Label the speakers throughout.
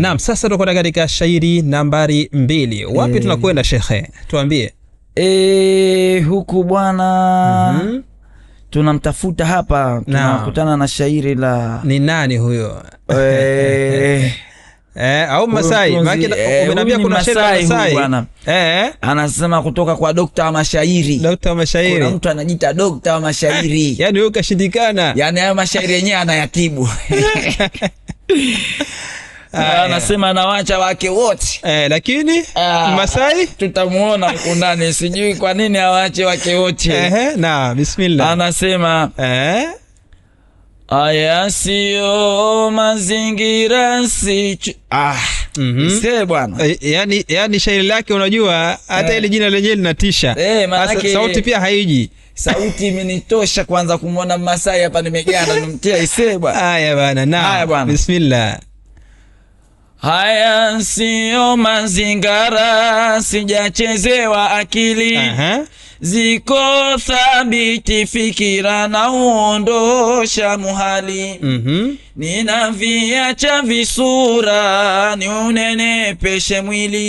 Speaker 1: Naam, sasa tunakwenda katika shairi nambari mbili. Wapi e, tunakwenda shekhe, tuambie.
Speaker 2: E, huku bwana mm -hmm. Tunamtafuta hapa, tunakutana na, shairi la
Speaker 1: ni nani huyo?
Speaker 2: e,
Speaker 1: Eh, au Masai umeniambia kuna shairi Masai, Masai. Bwana
Speaker 2: eh, anasema kutoka kwa dokta wa mashairi,
Speaker 1: dokta wa mashairi. Kuna
Speaker 2: mtu anajiita dokta wa mashairi
Speaker 1: yani, wewe ukashindikana,
Speaker 2: yani haya mashairi yenyewe anayatibu Eh. Ah, anasema anawacha wake wote
Speaker 1: eh, lakini ah, Masai
Speaker 2: tutamuona huko ndani, sijui kwa nini awache wake wote
Speaker 1: eh. Na bismillah
Speaker 2: anasema eh Aya, siyo mazingira si
Speaker 1: ah, mm -hmm. Se bwana, eh, yani yani shairi lake unajua hata eh. ile jina lenyewe linatisha
Speaker 2: eh, manake
Speaker 1: sauti pia haiji
Speaker 2: sauti imenitosha kwanza kumwona Masai hapa nimegana nimtia ise bwana.
Speaker 1: Haya bwana, na bismillah
Speaker 2: Haya siyo mazingara, sijachezewa akili. Aha. Ziko thabiti fikira na uondosha muhali. mm -hmm. Ninaviacha visura ni unenepeshe mwili.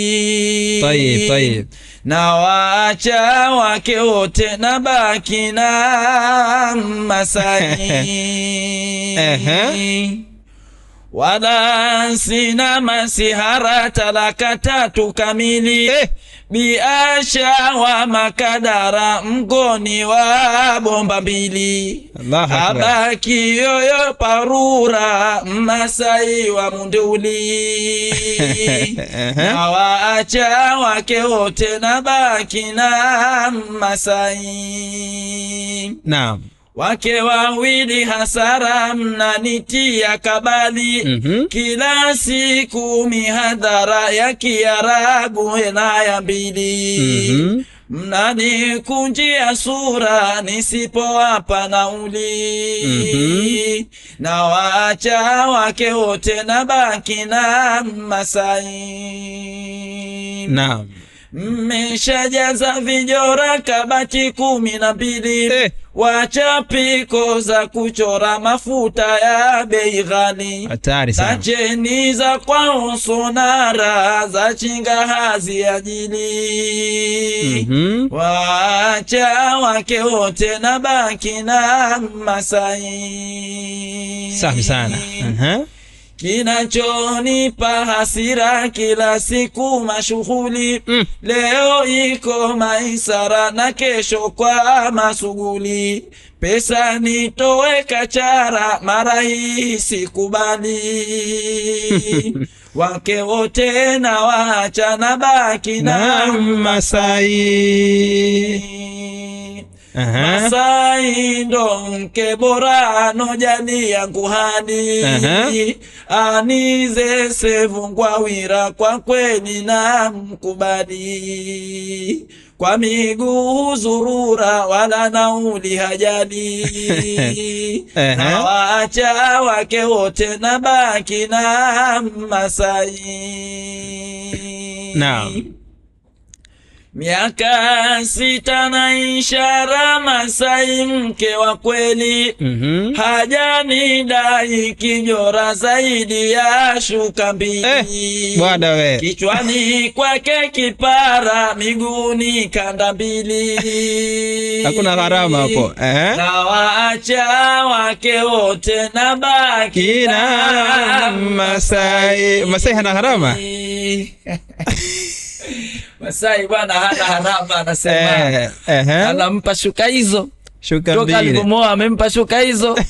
Speaker 2: Na waacha wake wote na baki na Masai wala sina masihara talaka tatu kamili eh, biasha wa makadara mgoni wa bomba mbili abaki yoyo parura mmasai wa munduli na waacha wake wote na baki na masai naam wake wawili hasara mnanitia kabali mm -hmm. Kila siku mihadhara ya Kiarabu na ya mbili mm -hmm. Mnanikunjia sura nisipowapa nauli
Speaker 1: mm -hmm.
Speaker 2: Na wacha wake wote na baki na Masai naam, mmeshajaza vijora kabati kumi na mbili eh. Wacha piko za kuchora mafuta ya bei ghali, za cheni za kwa sonara za chinga hazi ajili. mm -hmm. Wacha wake wote na baki na Masai.
Speaker 1: Safi sana. uh mhm. -huh.
Speaker 2: Kinachonipa hasira kila siku mashughuli mm. Leo iko maisara na kesho kwa masuguli, pesa nitowe kachara, mara hii sikubali wake wote na wacha na baki na Masai -huh. Masai ndo mke bora no jani yangu hani.
Speaker 1: Uh -huh.
Speaker 2: Anize sevungwa wira kwa kweni na mkubali kwa miguu zurura wala nauli hajali uh -huh. Na waacha wake wote na baki na Masai. Naam. Miaka sita na ishara Masai, mke wa kweli mm -hmm. hajani dai kijora zaidi ya shuka mbili
Speaker 1: eh, bwana we
Speaker 2: kichwani kwake kipara, miguuni kanda mbili
Speaker 1: hakuna gharama hapo eh?
Speaker 2: na waacha wake wote na baki na Masai.
Speaker 1: Masai hana gharama
Speaker 2: Masai bwana hana haraba anasema. Eh, Anampa shuka hizo. Shuka mbili. Toka alipomoa amempa shuka hizo.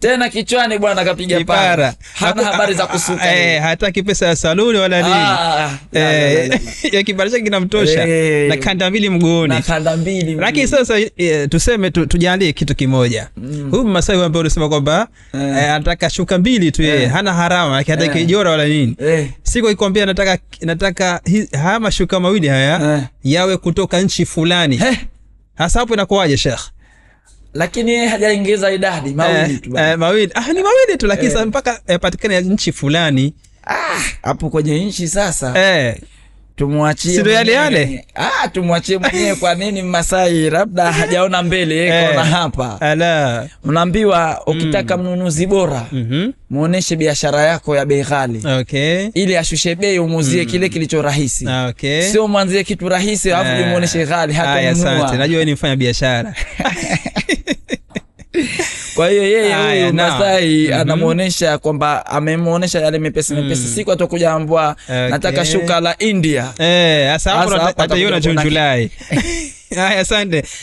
Speaker 2: tena kichwani bwana kapiga para, hana habari za kusuka
Speaker 1: eh, hataki pesa ya saluni wala nini ah, ah, ah. eh, ya kibali chake kinamtosha eh. na kanda mbili mguuni
Speaker 2: na kanda mbili.
Speaker 1: Lakini sasa eh, tuseme tujalie kitu kimoja, mm. huyu Masai ambaye unasema kwamba eh. anataka shuka mbili tu, yeye hana harama yake, hata kijora wala nini, siku ikwambia nataka nataka haya mashuka mawili haya yawe kutoka nchi fulani, hasa hapo inakuwaje shekhe
Speaker 2: lakini hajaingiza idadi eh, mawili
Speaker 1: tu eh, ah, ni mawili tu lakini eh, mpaka yapatikane eh, nchi fulani
Speaker 2: ah, hapo ah, kwenye nchi sasa eh. Tumwachie
Speaker 1: yale yale,
Speaker 2: ah, tumwachie mwenyewe. Kwa nini Masai labda eh. hajaona mbele eh. kona hapa
Speaker 1: ala,
Speaker 2: unaambiwa ukitaka mm, mnunuzi bora mm muoneshe -hmm. biashara yako ya bei ghali, okay, ili ashushe bei umuzie mm, kile kilicho rahisi, ah, okay, sio mwanzie kitu rahisi alafu yeah. muoneshe ghali hatanunua mnunua.
Speaker 1: najua wewe ni mfanya biashara
Speaker 2: Kwa hiyo yeye huyu Masai mm -hmm. anamuonesha kwamba amemuonesha yale mepesi mm. mepesi, mm. siku atakujaambwa okay. nataka shuka la India.
Speaker 1: Eh, asa hapo hata June anachunjulai. Haya, asante.